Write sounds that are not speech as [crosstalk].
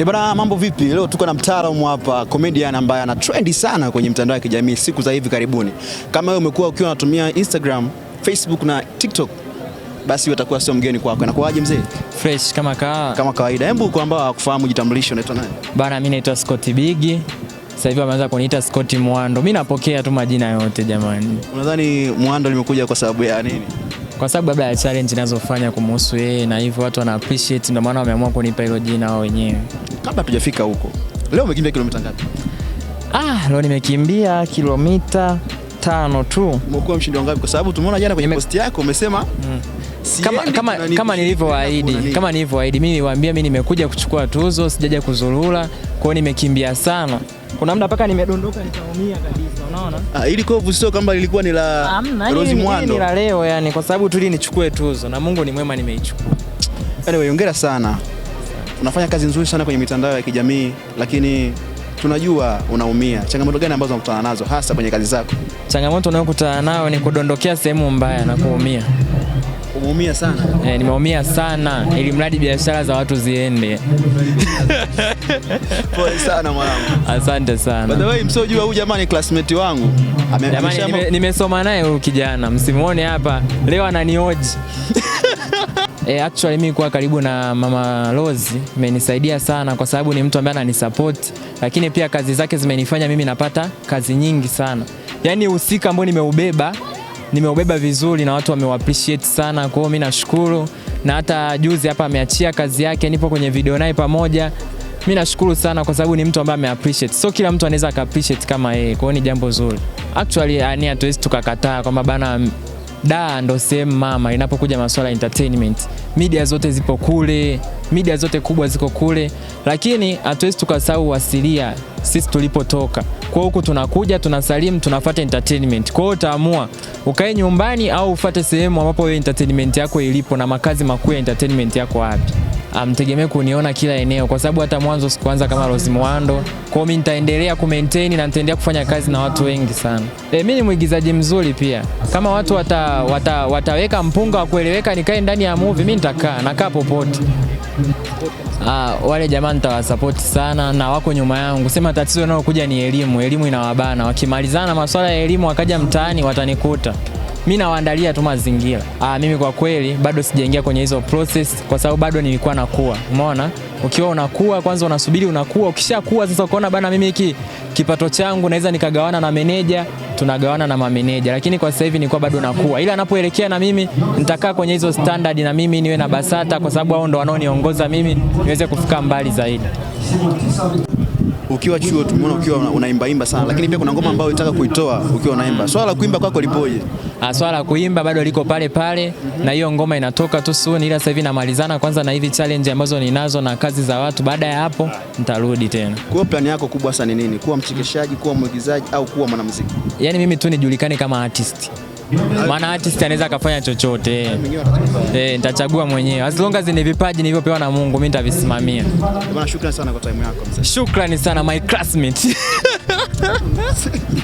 Eh, Bana, mambo vipi? Leo tuko na mtaalamu hapa, comedian ambaye ana trendi sana kwenye mtandao wa kijamii siku za hivi karibuni. Kama wewe umekuwa ukiwa unatumia Instagram, Facebook na TikTok, basi utakuwa sio mgeni kwako. Inakuwaje mzee? Fresh kama ka... kama kawaida. Hebu kwa ambao hawakufahamu, jitambulisho, unaitwa nani? Bana, mimi naitwa Scott Big. Sasa hivi wameanza kuniita Scott Mwando. Mimi napokea tu majina yote jamani. Unadhani Mwando limekuja kwa sababu ya nini? kwa sababu labda ya challenge ninazofanya kumhusu yeye, na hivyo watu wana appreciate, ndio maana wameamua kunipa hilo jina wao wenyewe. Kabla hatujafika huko, leo umekimbia kilomita ngapi? Ah, leo nimekimbia kilomita tano tu. Umekuwa mshindi ngapi? Kwa sababu tumeona jana kwenye posti yako umesema mm kama, yaani kama, kama nilivyowaahidi kama nilivyowaahidi, mimi niwaambia, mimi nimekuja kuchukua tuzo, sijaja kuzurura. kwao nimekimbia sana, kuna muda mpaka nimedondoka nikaumia kabisa, unaona. Ah, ili kovu sio kama lilikuwa ni la Rose Muhando, ni la leo yani, kwa sababu tu nichukue tuzo na Mungu ni mwema, nimeichukua. Anyway, hongera sana, unafanya kazi nzuri sana kwenye mitandao ya kijamii, lakini tunajua unaumia. Changamoto gani ambazo unakutana nazo hasa kwenye kazi zako? Changamoto unayokutana nayo ni kudondokea sehemu mbaya na kuumia. Umeumia sana. Eh, nimeumia sana ili mradi biashara za watu ziende. [laughs] Pole sana mwanangu. Asante sana. By the way, msojua huyu jamani classmate wangu. Jamani nimesoma naye huyu kijana. Msimuone hapa leo ananioji. [laughs] Eh, actually mimi kuwa karibu na Mama Rose imenisaidia sana kwa sababu ni mtu ambaye ananisupport, lakini pia kazi zake zimenifanya mimi napata kazi nyingi sana. Yaani, husika ambao nimeubeba nimeubeba vizuri na watu wame sana. Kwa hiyo mimi nashukuru, na hata juzi hapa ameachia kazi yake, nipo kwenye video naye pamoja. Mimi nashukuru sana kwa sababu ni mtu ambaye ame So kila mtu anaweza aka kama yeye, kwa hiyo ni jambo zuri actually, yani hatuwezi tukakataa kwamba bana da ndo sehemu mama inapokuja masuala ya entertainment. Media zote zipo kule, media zote kubwa ziko kule, lakini hatuwezi tukasahau asilia sisi tulipotoka. Kwa huku tunakuja, tunasalimu, tunafuata entertainment. Kwa hiyo utaamua ukae nyumbani au ufate sehemu ambapo wewe entertainment yako ilipo na makazi makuu ya entertainment yako wapi amtegemee kuniona kila eneo, kwa sababu hata mwanzo sikuanza kama Rose Muhando. Kwa hiyo mimi nitaendelea ku maintain na nitaendelea kufanya kazi na watu wengi sana. E, mimi ni mwigizaji mzuri pia. Kama watu wata, wata, wataweka mpunga wa kueleweka nikae ndani ya movie, mimi nitakaa, nakaa popote. Ah, wale jamaa nitawasapoti sana na wako nyuma yangu. Sema tatizo linalokuja ni elimu, elimu inawabana. Wakimalizana masuala ya elimu wakaja mtaani watanikuta mi nawaandalia tu mazingira. Aa, ah, mimi kwa kweli bado sijaingia kwenye hizo process kwa sababu bado nilikuwa nakuwa. Umeona? Ukiwa unakuwa kwanza unasubiri unakuwa, ukishakuwa sasa ukaona bana, mimi hiki kipato changu naweza nikagawana na meneja, tunagawana na mameneja. Lakini kwa sasa hivi nilikuwa bado nakuwa. Ila anapoelekea na mimi nitakaa kwenye hizo standard na mimi niwe na BASATA kwa sababu hao ndo wanaoniongoza mimi niweze kufika mbali zaidi ukiwa chuo tumeona ukiwa unaimbaimba sana, lakini pia kuna ngoma ambayo unataka kuitoa ukiwa unaimba. Swala la kuimba kwako lipoje? Ah, swala la kuimba bado liko pale pale, na hiyo ngoma inatoka tu soon, ila sasa hivi namalizana kwanza na hivi challenge ambazo ninazo na kazi za watu. Baada ya hapo nitarudi tena. Kwa plani yako kubwa sana ni nini? Kuwa mchekeshaji, kuwa mwigizaji au kuwa mwanamuziki? Yaani mimi tu nijulikane kama artist maana artist anaweza akafanya chochote. Eh, eh, nitachagua mwenyewe as long as ni vipaji nilivyopewa na Mungu, mimi nitavisimamia. Bwana, shukrani sana kwa time yako mzee. Shukrani sana my classmate [laughs]